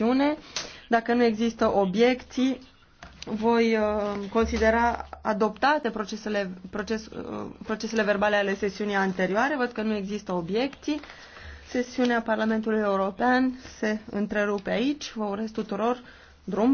chestiune. Dacă nu există obiecții, voi uh, considera adoptate procesele, proces, uh, procesele verbale ale sesiunii anterioare. Văd că nu există obiecții. Sesiunea Parlamentului European se întrerupe aici. Vă urez tuturor drum